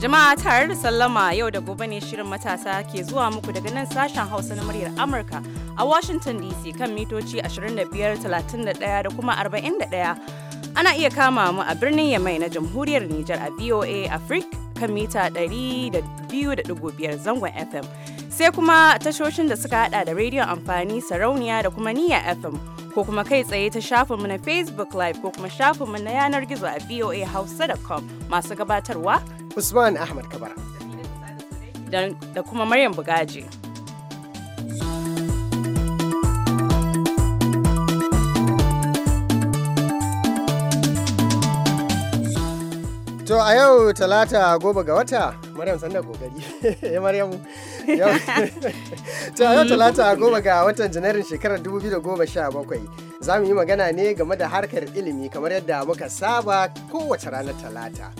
Jama'a tare da sallama yau da gobe ne shirin matasa ke zuwa muku daga nan sashen Hausa na muryar Amurka a Washington DC kan mitoci 25, 31 da kuma 41. Ana iya kama mu a birnin Yamai na Jamhuriyar Nijar a VOA Africa kan mita 200.5 zangon FM. Sai kuma tashoshin da suka hada da rediyon amfani sarauniya da kuma niyya FM. Ko kuma kai tsaye ta shafinmu na Facebook Live ko kuma shafinmu na yanar gizo a voahausa.com masu gabatarwa Usman Ahmad Kabara. Da kuma Maryam Bugaji. To a yau talata goma ga wata Maryam sanda kokari. Eh, Maryam. To a yau talata goma ga watan Janairun shekarar 2017 za mu yi magana ne game da harkar ilimi kamar yadda muka saba kowace ranar talata.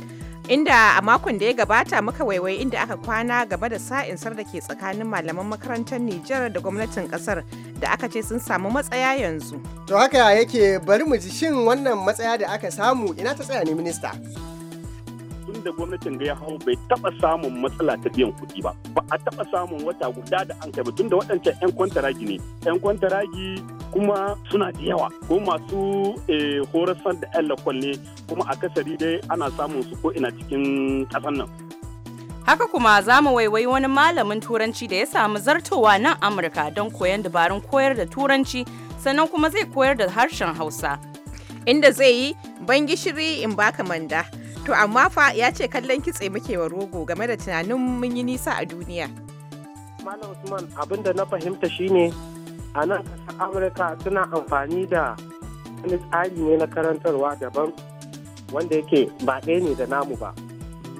inda a makon da ya gabata muka waiwai inda aka kwana game da sa'insar da ke tsakanin malaman makarantar Nijar da gwamnatin kasar da aka ce sun samu matsaya yanzu. To haka yake bari mu ji shin wannan matsaya da aka samu ina ta tsaya ne minista. Tun da gwamnatin ga ya hau bai taba samun matsala ta biyan kuɗi ba, ba a taba samun wata guda da an kai ba tun da waɗancan 'yan kwantaragi ne, 'yan kwantaragi kuma suna da yawa ko masu eh, horasar da yan lakwalle kuma kuma akasari dai ana samun su ko ina cikin kasan nan Haka kuma za mu waiwai wani malamin turanci da ya samu zartowa nan Amurka don koyan dabarun koyar da turanci sannan kuma zai koyar da harshen Hausa. Inda zai yi ban gishiri in baka manda. To amma fa ya ce kallon kitse muke wa rogo game da tunanin mun yi nisa a duniya. Malam Usman abin da na fahimta shine a nan ƙasar amurka suna amfani da wani tsari ne na karantarwa daban wanda yake ba ɗaya ne da namu ba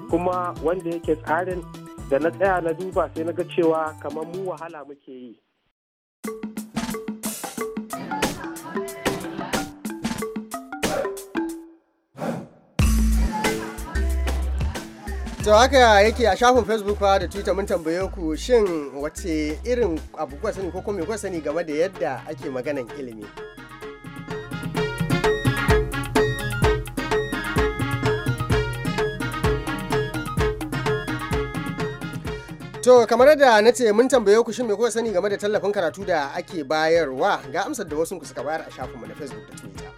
kuma wanda yake tsarin da na tsaya na duba sai na ga cewa kamar mu wahala muke yi. to haka yake a shafin facebook da twitter mun tambaye ku shin wace irin abu kuka sani ko kuma kuka sani game da yadda ake maganan ilimi To kamar da na ce mun tambaye ku shin me kuka sani game da tallafin karatu da ake bayarwa ga amsar da wasu ku suka bayar a shafinmu na Facebook da Twitter.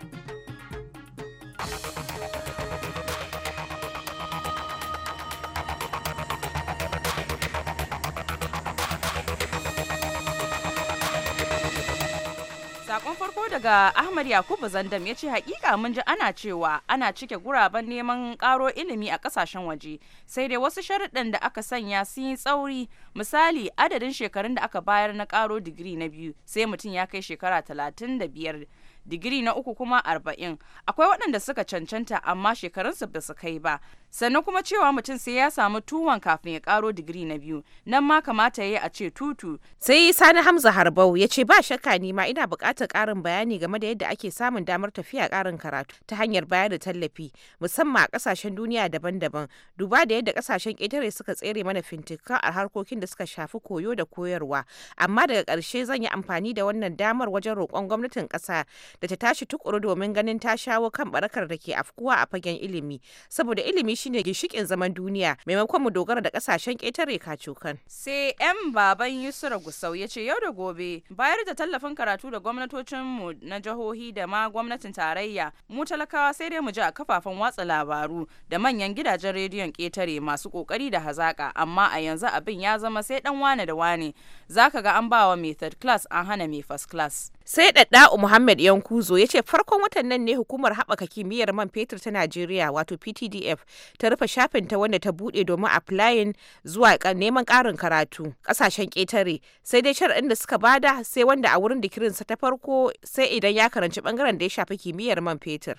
Sakon farko daga Ahmad Yakubu Zandam ya ce hakika mun ji ana cewa ana cike guraben neman karo ilimi a kasashen waje sai dai wasu sharuɗan da aka sanya sun yi tsauri misali adadin shekarun da aka bayar na karo digiri na biyu sai mutum ya kai shekara talatin da biyar digiri na uku kuma arba'in akwai waɗanda suka cancanta amma shekarunsu ba su kai ba sannan kuma cewa mutum sai ya samu tuwon kafin ya karo digiri na biyu nan ma kamata ya a ce tutu sai sani hamza harbau ya ce ba shakka ni ma ina bukatar ƙarin bayani game da yadda ake samun damar tafiya ƙarin karatu ta hanyar bayar da tallafi musamman a ƙasashen duniya daban-daban duba da yadda ƙasashen ƙetare suka tsere mana fintika a harkokin da suka shafi koyo da koyarwa amma daga ƙarshe zan yi amfani da wannan damar wajen roƙon gwamnatin ƙasa da ta tashi tukuru domin ganin ta shawo kan barakar da ke afkuwa a fagen ilimi saboda ilimi shine ginshikin zaman duniya maimakon mu dogara da kasashen ƙetare kacokan. Sai 'yan baban Yusra Gusau ya ce yau da gobe bayar da tallafin karatu da gwamnatocin mu na jihohi da ma gwamnatin tarayya mu talakawa sai dai mu je a kafafen watsa labaru da manyan gidajen rediyon ƙetare masu ƙoƙari da hazaƙa amma a yanzu abin ya zama sai dan wane da wane zaka ga an bawa method class an hana mai first class. sai dadda'u muhammad yankuzo ya ce farkon watan nan ne hukumar haɓaka kimiyyar man fetur ta najeriya wato ptdf ta rufe shafin ta wanda ta buɗe domin aflayin zuwa neman ƙarin karatu ƙasashen ƙetare sai dai shar'in da suka bada sai wanda a wurin dikirinsa ta farko sai idan ya karanci ɓangaren da ya shafi kimiyyar man fetur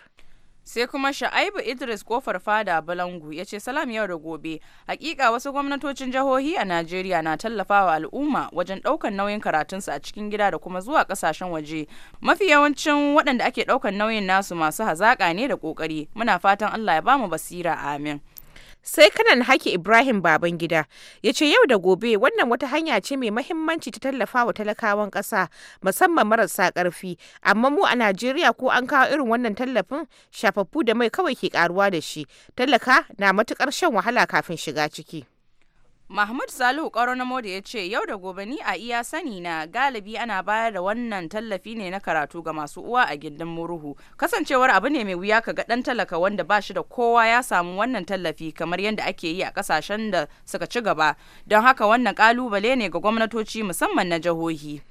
sai kuma sha'aibu idris kofar fada balangu ya ce salam yau da gobe hakika wasu gwamnatocin jihohi a najeriya na tallafawa al'umma wajen daukan nauyin karatunsu a cikin gida da kuma zuwa kasashen waje mafi yawancin waɗanda ake daukan nauyin nasu masu hazaƙa ne da ƙoƙari muna fatan allah ya bamu basira amin sai kanan haki ibrahim babangida ya ce yau da gobe wannan wata hanya ce mai mahimmanci ta tallafa wa talakawan ƙasa musamman marasa ƙarfi amma mu a najeriya ko an kawo irin wannan tallafin shafaffu da mai kawai ke karuwa da shi talaka na matukar shan wahala kafin shiga ciki Mahmud Salihu Karo na Modi ya ce yau da gobe ni a iya sani na galibi ana bayar da wannan tallafi ne na karatu ga masu uwa a gindin murhu. Kasancewar abu ne mai wuya ka ga ɗan talaka wanda ba shi da kowa ya samu wannan tallafi kamar yadda ake yi a kasashen da suka ci gaba. Don haka wannan kalubale ne ga gwamnatoci musamman na jihohi.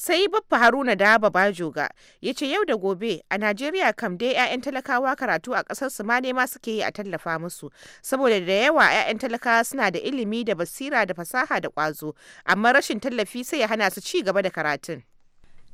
Sai Baffa Haruna Daba Bajoga ya ce yau da gobe a Najeriya kam dai 'ya'yan talakawa karatu a ƙasar su ma nema suke yi a tallafa musu saboda da yawa 'ya'yan talakawa suna da ilimi da basira da fasaha da ƙwazo amma rashin tallafi sai ya hana su ci gaba da karatun.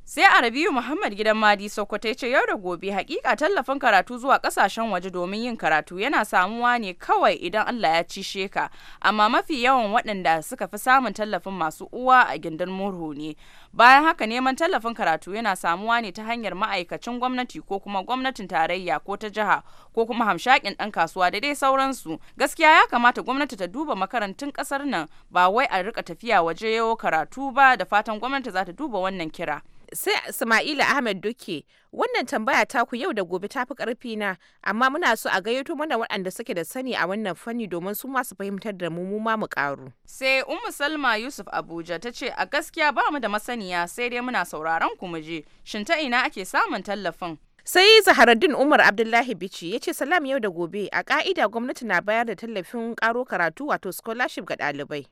sai a rabi'u muhammad gidan madi sokoto ya ce yau da gobe hakika tallafin karatu zuwa kasashen waje domin yin karatu yana samuwa ne kawai idan allah ya ci sheka amma mafi yawan waɗanda suka fi samun tallafin masu uwa a gindin murhu ne bayan haka neman tallafin karatu yana samuwa ne ta hanyar ma'aikacin gwamnati ko kuma gwamnatin tarayya ko ta jiha ko kuma hamshakin ɗan kasuwa da dai sauransu gaskiya ya kamata gwamnati ta duba makarantun kasar nan ba wai a rika tafiya waje yawo karatu ba da fatan gwamnati za ta duba wannan kira sai Ismaila Ahmed Duke wannan tambaya taku yau da gobe tafi karfi na amma muna so a gayyato mana waɗanda suke da sani a wannan fanni domin su masu fahimtar da mu mu ma mu karu. Sai Ummu Salma Yusuf Abuja ta ce a gaskiya ba mu da masaniya sai dai muna sauraron ku mu je shin ta ina ake samun tallafin. sai zaharaddin umar abdullahi Bichi, ya ce salam yau da gobe a ka'ida gwamnati na bayar da tallafin karo karatu wato scholarship ga ɗalibai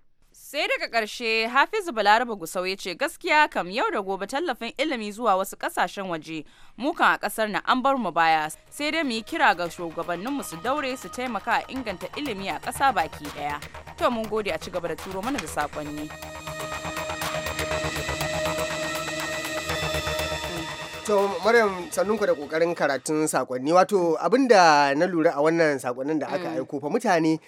Sai daga ƙarshe Hafizu Balaraba Gusau ya ce gaskiya kam yau da gobe tallafin ilimi zuwa wasu ƙasashen waje mukan a kasar na an bar mu baya sai dai mu yi kira ga shugabanninmu su daure su taimaka a inganta ilimi a ƙasa baki ɗaya. To mun gode a ci gaba da turo mana da saƙonni. To Maryam ku da kokarin karatun sakonni wato abinda na lura a wannan sakonnin da aka mm. aiko fa mutane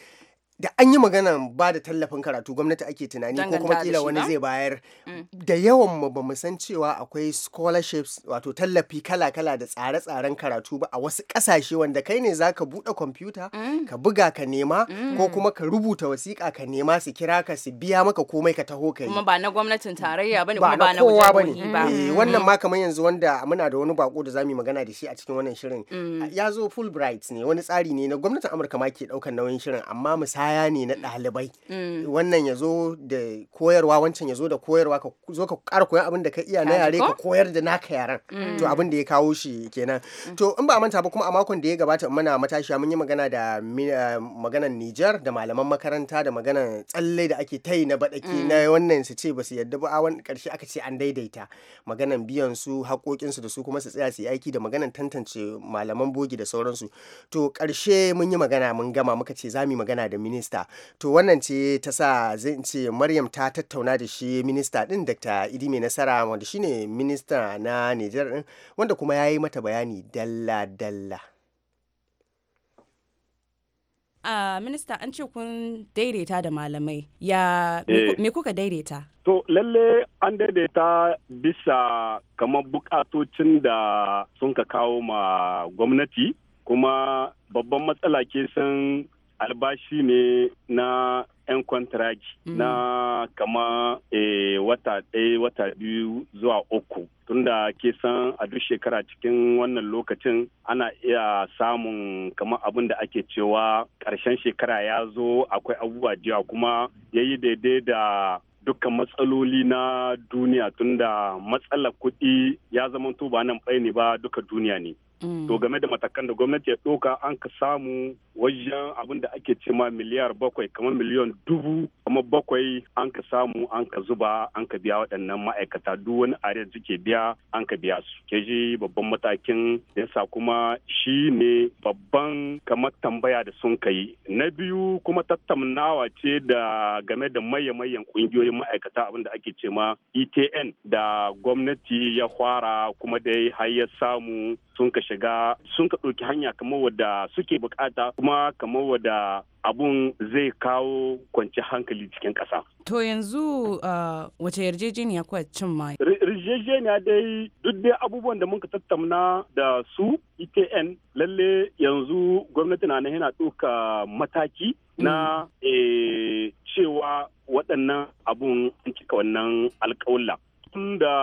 da an yi magana ba da tallafin karatu gwamnati ake tunani ko kuma kila wani zai bayar mm. da yawan mu ba mu san cewa akwai scholarships wato tallafi kala-kala da tsare-tsaren karatu ba a wasu kasashe wanda kai ne za ka buɗe kwamfuta mm. ka buga ka nema ko mm. kuma ka rubuta wasiƙa ka nema su kira ka su biya maka komai ka taho ka yi ba na gwamnatin tarayya bane ba na kowa bane eh, wannan ma kamar yanzu wanda muna da wani bako da zamu magana da shi a cikin wannan shirin ya zo fulbright ne wani tsari ne na gwamnatin amurka ma ke ɗaukan nauyin shirin amma misali kaya ne na ɗalibai mm. wannan ya zo da koyarwa wancan ya zo da koyarwa ka zo ka ƙara koyan abin da ka iya na yare ka koyar da naka yaran mm. to abin da ya kawo shi kenan mm. to in ba manta ba kuma a makon da ya gabata muna matashiya mun yi magana da eh, maganar Nijar da malaman makaranta da maganar tsalle da ake tayi na baɗaki na wannan su ce ba su yadda ba a wani ƙarshe aka ce an daidaita maganan biyan su haƙoƙinsu da su kuma su tsaya su yi aiki da maganar tantance malaman bogi da sauransu to ƙarshe mun yi magana mun gama muka ce za mu yi magana da mini minista to wannan ce ta sa zai ce maryam ta tattauna da shi minista din dr idi mai nasara wanda shine minista na nijar din wanda kuma ya yi mata bayani dalla dalla Uh, minista an ce kun daidaita da malamai ya eh. me kuka daidaita to lalle an daidaita bisa kamar bukatocin da sun ka kawo ma gwamnati kuma babban matsala ke san albashi ne na 'yan -hmm. na kama eh, wata ɗaya wata biyu zuwa uku tunda ke san a duk shekara cikin wannan lokacin ana iya samun kama abin da ake cewa karshen shekara ya zo akwai abubuwa jiya kuma ya yi daidai da dukkan matsaloli na duniya tunda matsalar kuɗi ya zama to ba nan bai ne ba duka duniya ne Mm. to game da matakan da gwamnati ya ɗauka an ka samu wajen abin da ake ce ma miliyar bakwai kamar miliyan dubu kuma bakwai an ka samu an ka zuba an ka biya waɗannan ma'aikata duk wani are suke biya an ka biya su ke ji babban matakin yasa kuma shi ne babban kamar tambaya da sun kai na biyu kuma tattaunawa ce da game da maye-mayen ƙungiyoyin ma'aikata abin da ake ce ma etn da gwamnati ya fara kuma dai har ya samu sun ka shiga sun ka ɗauki hanya kamar wadda suke bukata kuma kamar wadda abun zai kawo kwanci hankali cikin ƙasa. To yanzu uh, wace yarjejeniya kuwa cin ma? Yarjejeniya dai duk dai abubuwan da muka tattauna da su ETN lalle yanzu gwamnati na yana ɗauka mataki na mm. eh, cewa waɗannan abun an cika wannan alƙawalla. tun da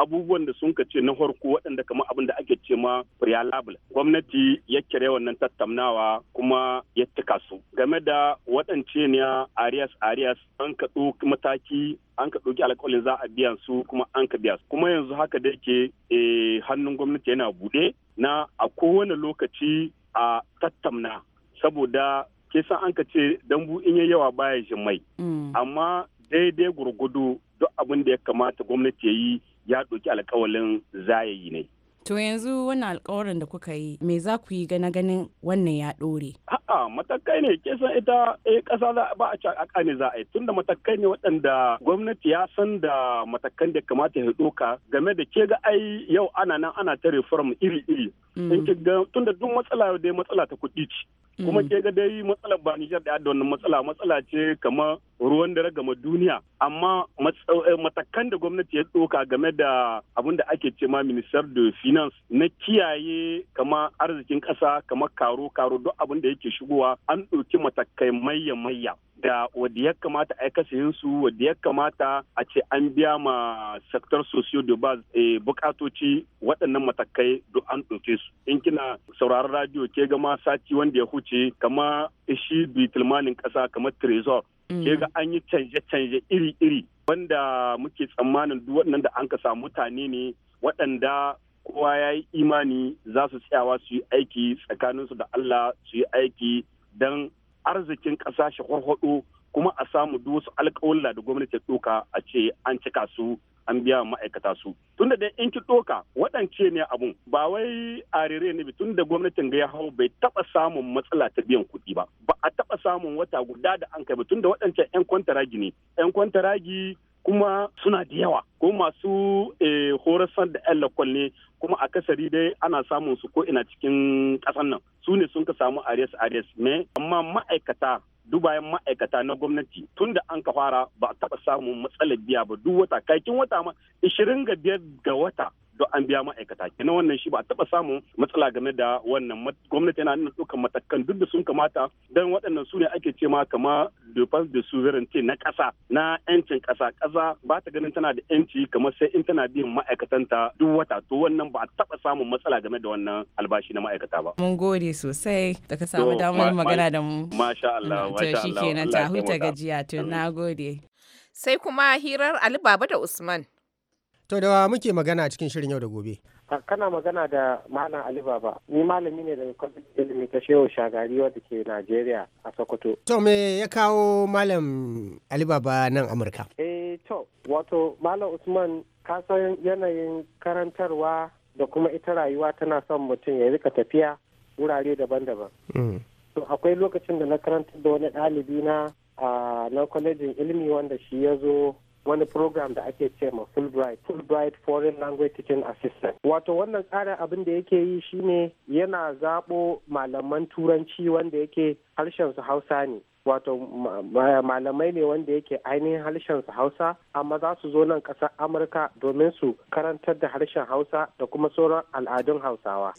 abubuwan da sun ce na farko waɗanda kamar abin da ake ce ma prealable gwamnati ya kire wannan tattaunawa kuma ya cika su game da waɗance ne arias arias an ka ɗauki mataki an ka ɗauki alƙalin za a biya su kuma an ka biya su kuma yanzu haka da yake eh, hannun gwamnati yana buɗe na a kowane lokaci a tattauna saboda ke san an ka ce dambu in yawa baya jin mai mm. amma daidai gurgudu duk abin da ya kamata gwamnati ya yi ya ɗauki alkawalin zayayi ne. To yanzu wannan alkawarin da kuka yi me za ku yi gana ganin wannan ya ɗore? A'a matakai ne ke ita eh ƙasa za a ba a ci a za a yi tunda matakai ne waɗanda gwamnati ya san da matakan da kamata ya ɗoka game da ke ga ai yau ana nan ana ta reform iri-iri. In mm. ga tunda duk matsala yau dai matsala ta kuɗi ce. kuma mm. ke ga dai matsalar ba Nijar da wannan matsala matsala ce kamar ruwan dare gama duniya amma eh, matakan da gwamnati ya ɗauka game da abin da ake ce ma minister de finance na kiyaye kama arzikin kasa kama karo karo duk abin da yake shigowa an ɗauki matakai mayya mayya da wadda ya kamata a yi su wadda ya kamata a ce an biya ma sektor socio de base a eh, bukatoci waɗannan matakai duk an ɗauke su in kina sauraron radio ke gama sati wanda ya huce ce kama shi bitulmanin kasa kamar trezor ke mm. ga an yi canje-canje iri-iri wanda muke tsammanin duk waɗannan da an ka samu mutane ne waɗanda kowa ya yi imani za su tsayawa su yi aiki tsakaninsu da Allah su yi aiki don arzikin ƙasa shi kuma a samu duk wasu alƙawalla da gwamnati ɗauka a ce an cika su an biya ma'aikata su tunda da in ki doka waɗance ne abun ba wai arere ne bi tunda gwamnatin ga ya hau bai taɓa samun matsala ta biyan kuɗi ba ba a taɓa samun wata guda da an kai ba tunda waɗancan 'yan kwantaragi ne 'yan kwantaragi kuma suna da yawa ko masu eh, horasar da 'yan lakwalle ne kuma akasari dai ana samun su ko ina cikin kasan nan su ne sun ka samu ares ares ne amma ma'aikata dubayen ma'aikata na gwamnati tun da an ka fara ba a taɓa samun matsalar biya ba duk wata kakin wata ma 25 ga wata don an biya ma'aikata kenan wannan shi ba a taɓa samun matsala game da wannan gwamnati yana nuna ɗaukar matakan duk da sun kamata don waɗannan su ne ake ce ma kama defense de sovereignty na ƙasa na 'yancin ƙasa ƙasa ba ta ganin tana da 'yanci kamar sai in tana biyan ma'aikatanta duk wata to wannan ba a taba samun matsala game da wannan albashi na ma'aikata ba. Mun gode sosai da ka samu damar magana da mu. Masha Allah, masha ta huta na gode. Sai kuma hirar Ali Baba da Usman. To da muke magana cikin shirin yau da gobe. Kana magana da Malam Ali Baba. Ni malami ne daga kwamfutar ilimi ta Shehu Shagari wadda ke Najeriya a Sokoto. To me ya kawo Malam Ali Baba nan Amurka? Eh to wato Malam Usman ka san yanayin karantarwa da kuma ita rayuwa tana son mutum ya rika tafiya wurare daban-daban. Mm. To akwai lokacin da na karanta da wani ɗalibi na a na kwalejin ilimi wanda shi ya zo wani program da ake ce ma Fulbright, Fulbright Foreign Language Teaching Assistant. Wato wannan tsarin abin da yake yi shine yana zaɓo malaman turanci wanda yake harshen su Hausa ne. wato malamai ne wanda yake ainihin harshen su hausa amma za su zo nan ƙasar amurka domin su karantar da harshen hausa da kuma sauran al'adun hausawa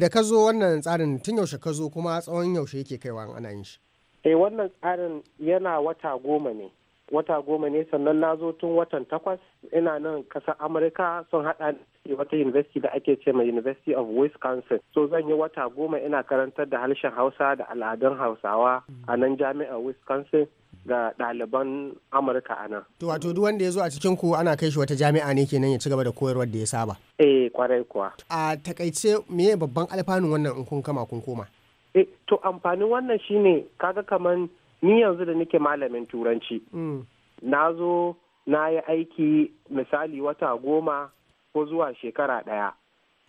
da ka zo wannan tsarin tun yaushe ka zo kuma tsawon yaushe yake kaiwa ana yin shi eh wannan tsarin yana wata goma ne wata goma ne sannan na zo tun watan takwas ina nan kasar amurka sun haɗa wata university da ake ce mai university of wisconsin so zan yi wata goma ina karantar da harshen hausa da al'adun hausawa a nan jami'ar wisconsin ga ɗaliban amurka a nan. to wato duk wanda ya zo a cikin ku ana kai shi wata jami'a ne kenan ya ci gaba da koyarwar da ya saba. eh kwarai kuwa. a takaice meye babban alfanun wannan in kun kama kun koma. eh to amfanin wannan shine kaga kaman ni yanzu da nake malamin turanci mm. na zo na yi aiki misali wata goma ko zuwa shekara ɗaya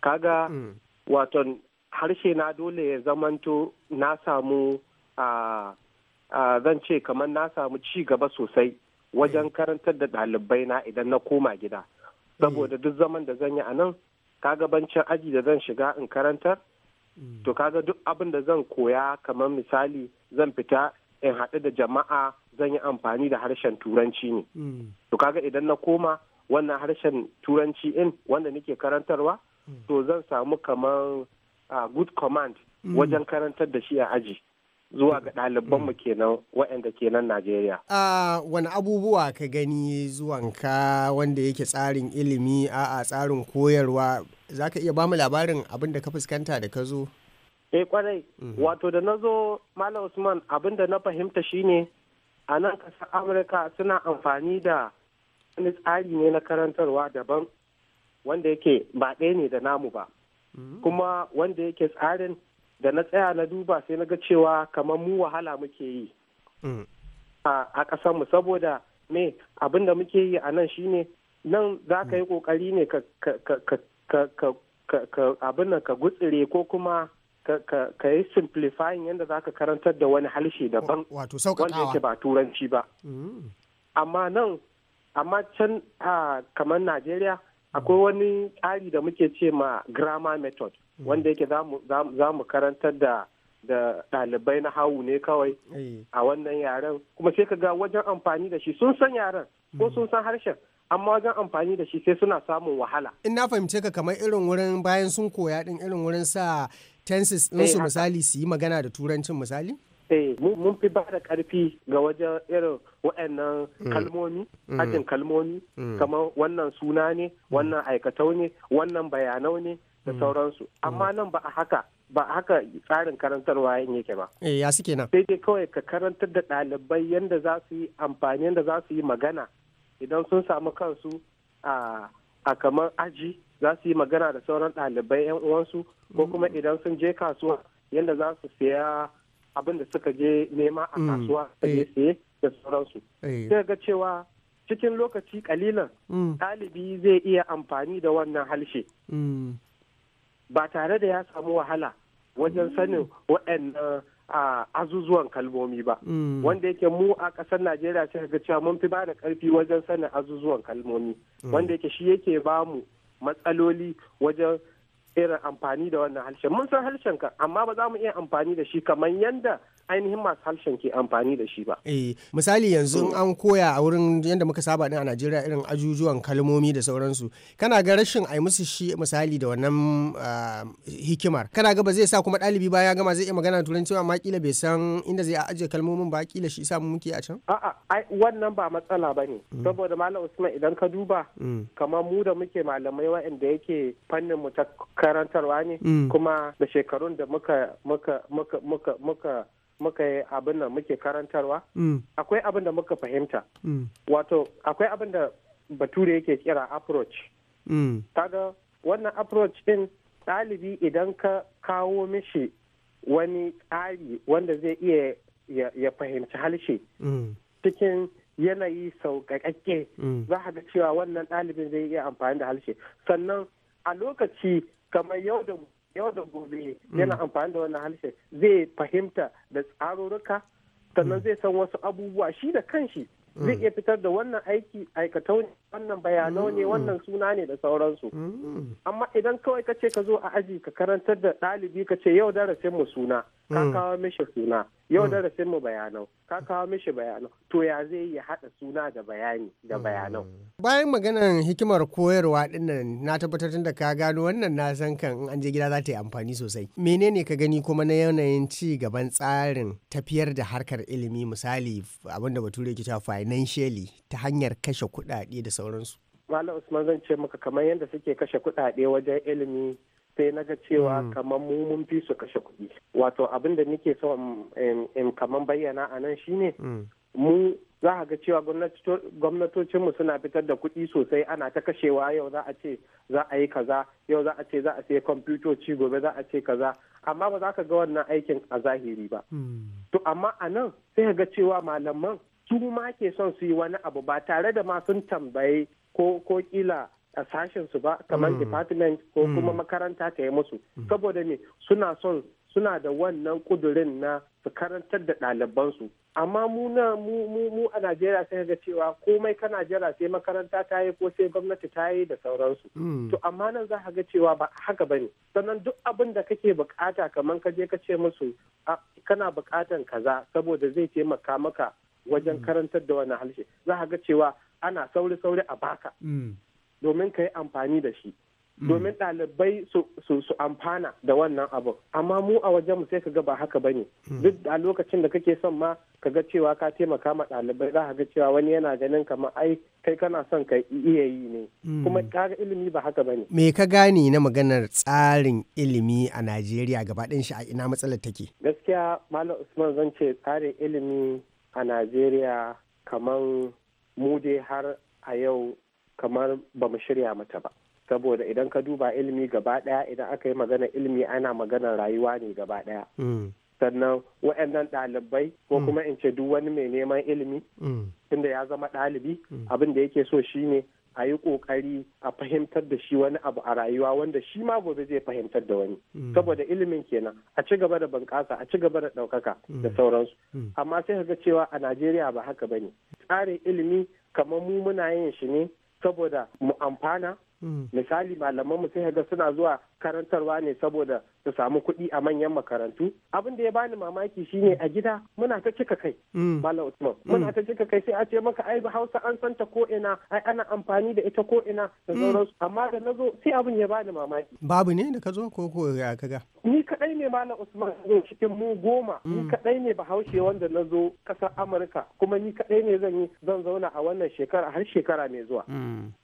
kaga mm. waton harshe na dole ya zamanto na samu zan ce kamar na samu ci gaba sosai wajen mm. karantar da ɗalibai na idan na koma gida saboda duk zaman da zan yi a nan kaga bancin aji da zan shiga in karantar to kaga duk abin da zan koya kamar misali zan fita in haɗu da jama'a zan yi amfani da harshen turanci ne mm. to kaga idan na koma wannan harshen turanci in wanda nake karantarwa mm. to zan samu kamar good command mm. wajen karantar da shi a aji zuwa ga ɗalibanmu kenan waɗanda kenan Najeriya. Uh, wani abubuwa ka gani zuwanka wanda yake tsarin ilimi a tsarin koyarwa za ka iya bamu labarin abin da ka fuskanta da ka zo? eh kwarai mhm. wato da na zo malam usman abin da na fahimta shine a nan kasar amurka suna amfani da wani tsari ne na karantarwa daban wanda yake ba ɗaya ne da namu ba mhm. kuma wanda yake tsarin da na tsaya na duba sai na ga cewa kamar mu wahala muke yi mm. a ƙasarmu saboda me abin da muke yi a nan shine nan za ka yi mm. ƙoƙari ne ka abin nan ka gutsire ko kuma ka yi simplifying yadda za ka karantar da wani harshe daban wanda yake ba turanci ba mm. amma nan amma can kamar najeriya akwai wani tsari da muke ce ma grammar method mm. wanda yake za mu karantar da da ɗalibai na hawu ne kawai eh. a wannan yaren kuma sai ka ga wajen amfani da shi sun san yaren ko mm. sun san harshen amma wajen amfani da shi sai suna samun wahala. In na fahimce ka kamar irin wurin bayan sun koya din irin wurin sa tenses eh, ɗinsu misali su yi magana da turancin misali? Eh, mun fi ba da karfi ga wajen irin waɗannan mm. kalmomi mm. ajin kalmomi mm. kamar wannan suna ne wannan aikatau ne wannan bayanau ne da sauransu amma nan ba a haka ba haka tsarin karantarwa yin yake ba. Eh ya suke nan. Sai dai kawai ka karantar da ɗalibai yadda za su yi amfani yadda za su yi magana idan sun samu kansu a ah, a kamar aji za su yi magana da sauran ɗalibai 'yan uwansu ko kuma mm. idan sun je kasuwa yadda za su siya abin da suka je nema a mm. kasuwa da je eh. siye da sauransu. Eh. Sai ga cewa cikin lokaci kalilan mm. ɗalibi zai iya amfani da wannan harshe. Ba tare da ya samu wahala wajen sanin waɗannan a azuzuwan kalmomi ba mm. wanda yake mu a ƙasar najeriya sai ga cewa mun fi ba da ƙarfi wajen sanin azuzuwan kalmomi mm. wanda yake shi yake ba mu matsaloli wajen irin amfani da wannan harshen mun san harshen ka amma ba za mu iya amfani da shi kamar yadda ainihin masu harshen ke amfani da shi ba. Eh, misali yanzu an koya a wurin yadda muka saba din a Najeriya irin ajujuwan kalmomi da sauransu. Kana ga rashin ai musu shi misali da wannan ah, hikimar. Kana ga ba zai sa kuma ɗalibi baya gama zai iya magana turanci amma kila bai san inda zai ajiye kalmomin ba kila shi sa muke a can. A'a, ai wannan ba matsala ba ne. Mm. Saboda Malam Usman idan ka duba mm. kamar mu da muke malamai waɗanda yake fannin mu ta karantarwa ne mm. kuma da shekarun da muka muka muka muka muka muka yi abin nan muke karantarwa mm. akwai abin da muka fahimta mm. wato akwai abin da bature yake kira approach mm. kaga wannan approach din ɗalibi idan ka kawo mishi wani tsari wanda zai iya ya fahimci halshe cikin yanayi sauƙaƙƙe za a ga cewa wannan ɗalibin zai iya amfani da halshe sannan a lokaci kamar yau da yau da gobe mm. yana amfani da wannan harshe zai fahimta da tsarurruka sannan mm. zai san wasu abubuwa shi da kanshi zai mm. iya fitar da wannan aiki aikatau wannan bayanau ne mm. wannan suna ne da sauransu mm. amma idan kawai ka ce ka zo a aji ka karantar da ɗalibi ka ce yau darasin mu suna ka mm. kawo mishi suna yau darasin mu bayanau ka kawo mishi bayanau to ya zai ya haɗa suna da bayani da bayanau bayan maganar hikimar koyarwa nan na tabbatar tun da ka gano wannan na san kan an je gida za ta yi amfani sosai menene ka gani kuma na yanayin ci gaban tsarin tafiyar da harkar ilimi misali abinda bature ke cewa financially ta hanyar kashe kuɗaɗe da sauransu. Malam Usman zan ce maka kamar yadda suke kashe kuɗaɗe wajen ilimi sai na ga cewa hmm. kamar mu mun fi su kashe kuɗi. Wato abin da nake so in kamar bayyana a nan shine hmm. mu za a ga cewa gwamnatocinmu suna fitar da kuɗi sosai ana ta kashewa yau za a ce za a yi kaza yau za a ce za a sai kwamfutoci gobe za a ce kaza amma ba za ka ga wannan aikin a zahiri ba. Hmm. To amma a nan sai ka ga cewa malaman su ma ke son su yi wani abu ba tare da ma sun tambaye ko ko kila a sashen su ba kamar mm. department ko mm. kuma makaranta ta yi musu mm. saboda me suna son suna da wannan kudurin na su karantar da ɗalibansu amma mu na mu mu a Najeriya sai ga cewa komai kana jira sai makaranta ta yi ko sai gwamnati ta yi da sauransu to amma nan za ka ga cewa ba haka bane sannan duk abin da kake bukata kamar ka je ka ce musu ah, kana bukatan kaza saboda zai taimaka maka wajen mm. karantar da wannan harshe za ka ga cewa ana sauri-sauri a baka mm. domin ka yi amfani da shi mm. domin ɗalibai su amfana da wannan abu amma mu a wajen mu sai ka ga ba haka ba ne duk a lokacin da kake son ma ka ga cewa ka taimaka ma ɗalibai za ka ga cewa wani yana ganin kamar ai kai kana son ka iya yi ne kuma kaga ilimi ba haka ba ne me ka gane na maganar tsarin ilimi a Najeriya gaba shi a ina matsalar take gaskiya malam Usman zan ce tsarin ilimi a najeriya kamar muje har a yau kamar ba mu shirya mata ba saboda idan ka duba ilimi gaba ɗaya idan aka yi magana ilimi ana magana rayuwa ne gaba ɗaya mm. sannan waɗannan ɗalibai ko mm. kuma in ce duk wani mai neman ilimi mm. tunda ya zama ɗalibi abin da yake so shine a yi kokari a fahimtar da shi wani abu a rayuwa wanda shi ma gobe zai fahimtar da wani mm. saboda ilimin kenan a ci gaba da bunƙasa a ci gaba da ɗaukaka da mm. sauransu mm. amma sai ka ga cewa a najeriya ba haka bane tsarin ilimi kamar mu muna yin shi ne saboda mu amfana misali malaman mu sai ga suna zuwa karantarwa ne saboda su samu kuɗi a manyan makarantu abin da ya bani mamaki shine a gida muna ta cika kai mm. malam usman mm. muna ta cika kai sai a ce maka ai hausa an santa ko ina ai ana amfani da ita ko ina da mm. sauransu amma da nazo sai abin ya bani mamaki babu ne da ka zo ko ko ya kaga ni kadai ne malam usman zo cikin mu goma ni kadai ne bahaushe wanda na zo kasar amurka kuma ni kadai ne zan yi zan zauna a wannan shekara har shekara mai zuwa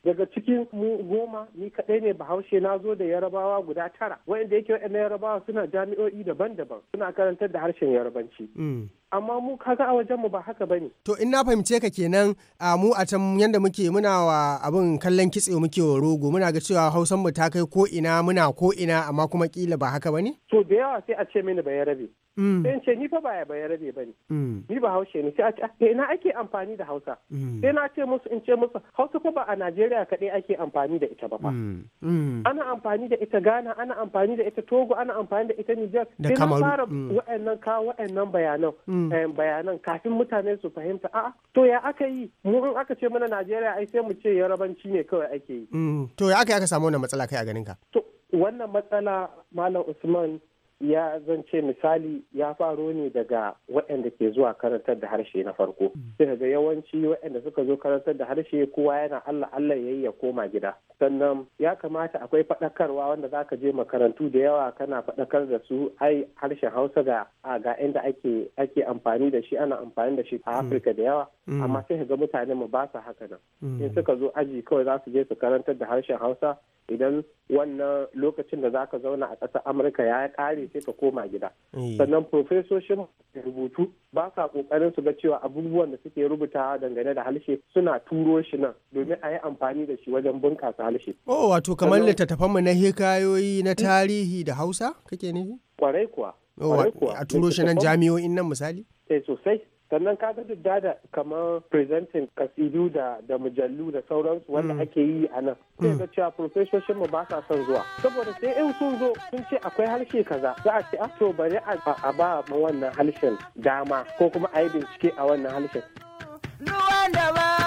daga cikin mu goma ni kadai ne bahaushe na zo da yarabawa guda tara Waɗanda yake na yarabawa suna jami'o'i daban-daban suna karantar da harshen yarabanci mm. amma mu kaga a wajen mu ba haka bane to in na fahimce ka kenan a mu a can yanda muke muna wa abin kallon kitse muke wa rogo muna ga cewa hausan mu ta kai ko ina muna ko ina amma kuma kila ba haka bane to da yawa sai a ce mini ba yarabe Mm. sai ce ni fa ba ya rabe ba ne mm. ni ba haushe ne sai a ce ah, eh, na ake amfani da hausa mm. sai na ce musu in ce musu hausa fa ba a najeriya kaɗai ake amfani da ita ba fa ana amfani da ita ghana ana amfani da ita togo ana amfani da ita niger sai na fara wa'annan kawo wa'annan bayanan eh, bayanan kafin mutane su fahimta a'a to ya aka yi mu in aka ce mana najeriya ai sai mu ce yarabanci ne kawai ake yi to ya aka yi aka samu wannan matsala kai a ganin ka to wannan matsala malam usman ya zance misali ya faro ne daga waɗanda ke zuwa karantar da harshe na farko mm. sai ga yawanci waɗanda suka zo karantar da harshe kowa yana Allah Allah yayi ya koma gida sannan ya kamata akwai faɗakarwa wanda za ka je makarantu da yawa kana faɗakar da su ai harshen Hausa ga ga inda ake ake amfani da shi ana amfani da shi a mm. Afirka da yawa mm. amma sai ga mutane mu ba su haka nan in suka zo aji kawai za su je su karantar da harshen Hausa idan wannan lokacin da zaka zauna a ƙasar amurka ya ƙare sai ka koma gida eh. sannan profesoshin rubutu ba sa ƙoƙarin su ga cewa abubuwan da suke rubuta dangane da halshe suna turo shi nan domin a yi amfani da shi wajen bunƙasa halshe. oh wato kamar littattafan na hikayoyi na tarihi da hausa kake nufi. kwarai kuwa. a turo shi nan jami'o'in nan misali. Eh, sosai sannan ka ga duk da kamar presenting kasidu da da mujallu da sauransu wanda mm. ake yi a nan sai ga mm. cewa professorship mu ba sa son zuwa saboda sai in sun zo sun ce akwai harshe kaza za a ce a ah, to bari a ba ma wannan harshen dama ko kuma a yi bincike a wannan harshen. Ruwan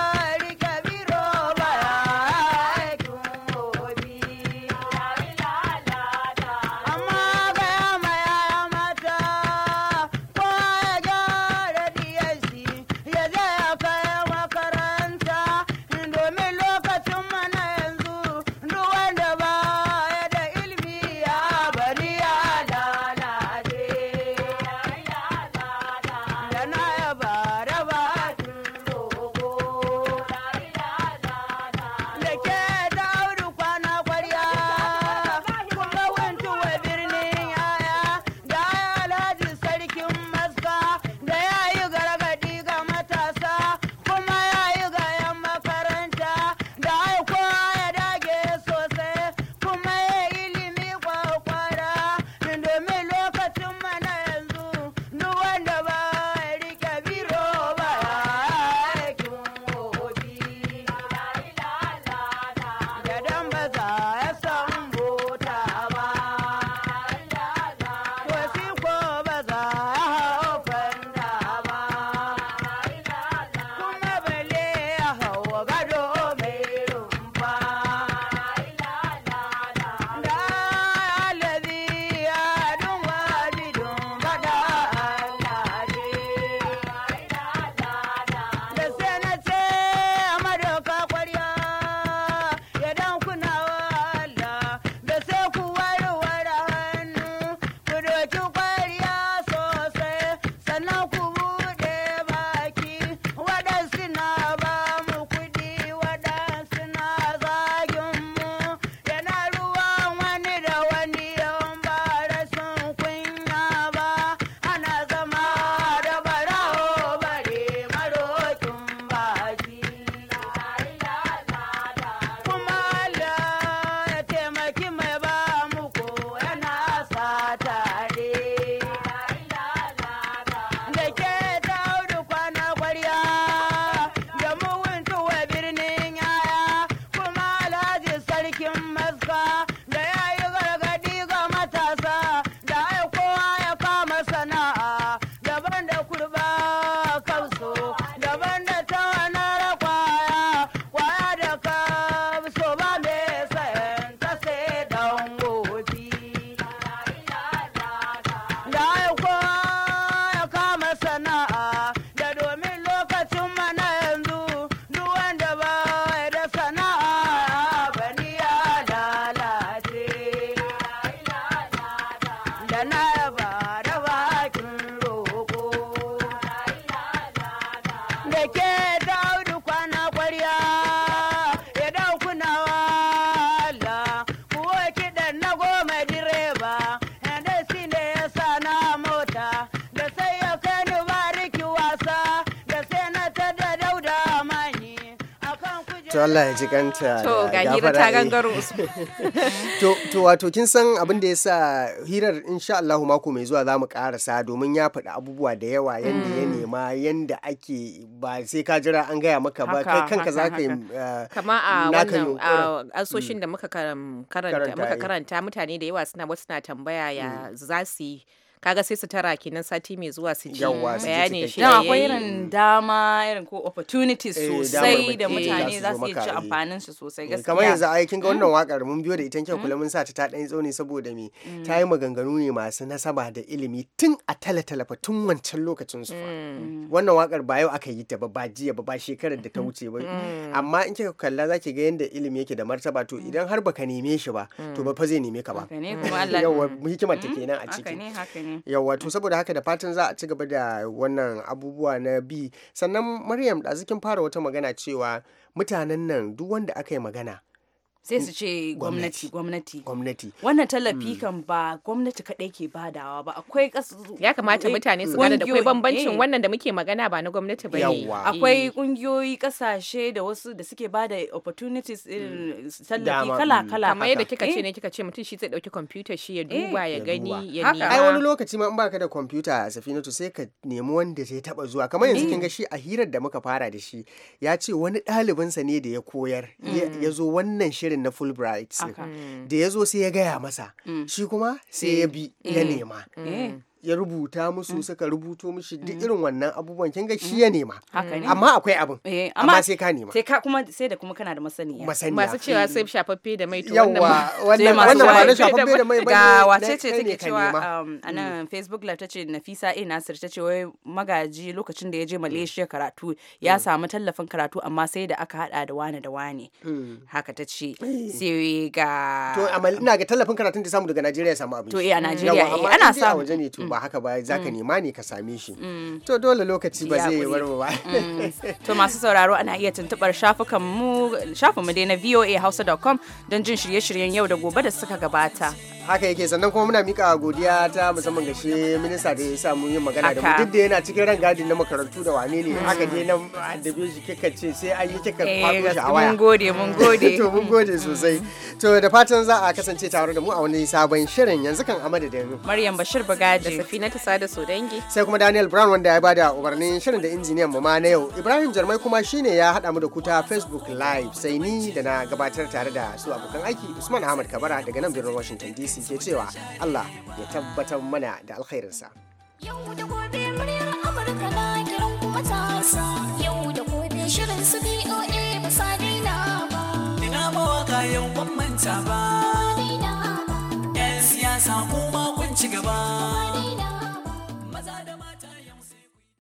Allah ya ji kanta to ga hira ta gangaro to to wato kin san abin da yasa hirar insha Allah mako mai zuwa zamu karasa domin ya faɗi abubuwa da yawa yanda ya mm. nema yanda ake ba sai ka jira an gaya maka ba kai kanka za ka yi eh, kama a wannan asoshin mm. da muka eh. karanta mutane da yawa suna wasu na tambaya ya mm. za su yi kaga sai su tara kenan sati mai zuwa su ji bayanin shi yayi akwai irin dama irin ko opportunities eh, sosai da mutane za su ci eh. amfanin su sosai eh, gaskiya kamar yanzu ai ah, kin ga wannan mm-hmm. wakar mun biyo da ita kyau mm-hmm. kula mun sa ta ta dan tsauni saboda me mm-hmm. ta yi maganganu ne masu nasaba da ilimi tun a tala fa tun wancan lokacin su wannan wakar ba yau aka yi ta ba ba jiya ba ba shekarar da ta wuce ba amma in kika kalla zaki ga yanda ilimi yake da martaba to idan har baka neme shi ba to ba fa zai neme ka ba yauwa hikimar ta kenan a ciki yawa to saboda haka da fatan za a ci gaba da wannan abubuwa na bi sannan maryam da zikin fara wata magana cewa mutanen nan duk wanda aka yi magana sai su ce gwamnati gwamnati gwamnati wannan tallafi hmm. kan ba gwamnati kaɗai ke badawa ba akwai ya kamata eh, mutane su gane da akwai bambancin eh. wannan da muke magana ba na gwamnati ba ne eh. akwai kungiyoyi kasashe da wasu da suke bada opportunities hmm. irin tallafi hmm. kala kala kamar yadda kika ce ne kika ce mutum shi zai dauki computer shi ya duba ya gani ya nema ai wani lokaci ma in baka da computer safinatu sai ka nemi wanda zai taba zuwa kamar yanzu kin ga shi a hirar da muka fara da shi ya ce wani ɗalibinsa ne da ya koyar ya zo wannan shirin irin na fulbright da ya zo sai ya gaya masa mm. shi kuma sai ya bi mm. ya nema mm. ya rubuta musu mm. suka rubuto mishi duk mm. irin wannan abubuwan kin ga shi mm. ya nema amma akwai abin eh, amma sai ka nema sai ka kuma sai da kuma kana da masaniya masu cewa sai shafaffe da mai to wannan wannan wannan ba na shafaffe da mai ga wace ce take cewa um, a nan facebook la tace Nafisa A Nasir tace wai magaji lokacin da ya je Malaysia karatu ya samu tallafin karatu amma sai da aka hada da wani da wani haka tace sai ga to amma ina ga tallafin karatun da samu daga Najeriya samu abin to eh a Najeriya eh, ana samu ne to ba haka ba za ka mm. nema ne ka same shi mm. to dole lokaci ba zai warwa ba mm. to masu sauraro ana iya tuntubar shafukan mu shafin mu dai na voahausa.com don jin shirye-shiryen yau da gobe da suka gabata haka yake sannan kuma muna mika godiya ta musamman ga shi minista da ya sa mu yin magana da mu duk da yana cikin rangadin na makarantu da wane ne haka dai na biyu shi kika ce sai an yi kika faɗo eh, shi a waya mun gode mun gode to mun gode sosai to da fatan za a kasance tare da mu a wani sabon shirin yanzu kan da yanzu. Maryam Bashir Bagaji Safina ta sada so dangi. Sai kuma Daniel Brown wanda ya bada umarnin shirin da injiniyan mu ma na yau. Ibrahim Jarmai kuma shine ya hada mu da kuta Facebook Live sai ni da na gabatar tare da su abokan aiki Usman Ahmad Kabara daga nan birnin Washington DC ke cewa Allah ya tabbatar mana da alkhairinsa. Yau da gobe muryar Amurka na kiran kuma tasa. Yau da gobe shirin su BOA ba sa daina ba. Ina mawaka yau ban manta ba. Yan siyasa kuma ci gaba